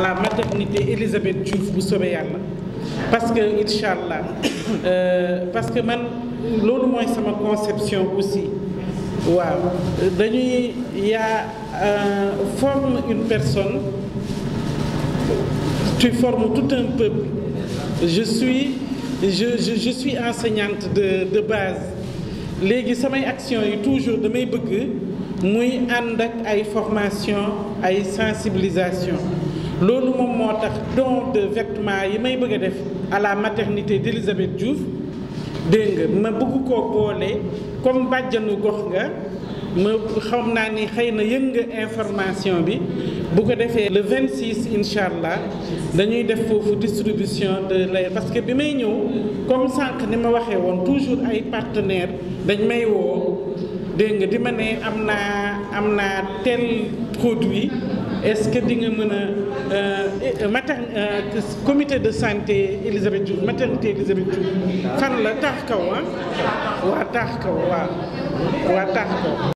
la maternité Elisabeth Diouf bu soobee yàlla parce que incha allah euh, parce que man loolu mooy sama conception aussi waaw dañuy yaa euh, forme une personne tu forme tout un peuple je suis je je, je suis enseignante de de base léegi samay action yi toujours damay bëgg muy ànd ak ay formation ay sensibilisation loolu moom moo tax don de vêtements yi may bëgg a def à la maternité d'Elisabeth Diouf dégg nga ma bëgg ko boole comme bàjjanu gox nga ma xam naa ni xëy na yëg nga information bi bu ko defee le 26 incha allah dañuy def foofu distribution de lait parce que bi may ñëw comme sànq ni ma waxee woon toujours ay partenaires dañ may woo dégg nga di ma ne am naa am naa tel produit est-ce que di nga mën a euh, euh, mater euh, commité de santé Elisabeth Diouf maternité Elisabeth Diouf fan la taax kaw ah waa taax kaw waaw waa taax kaw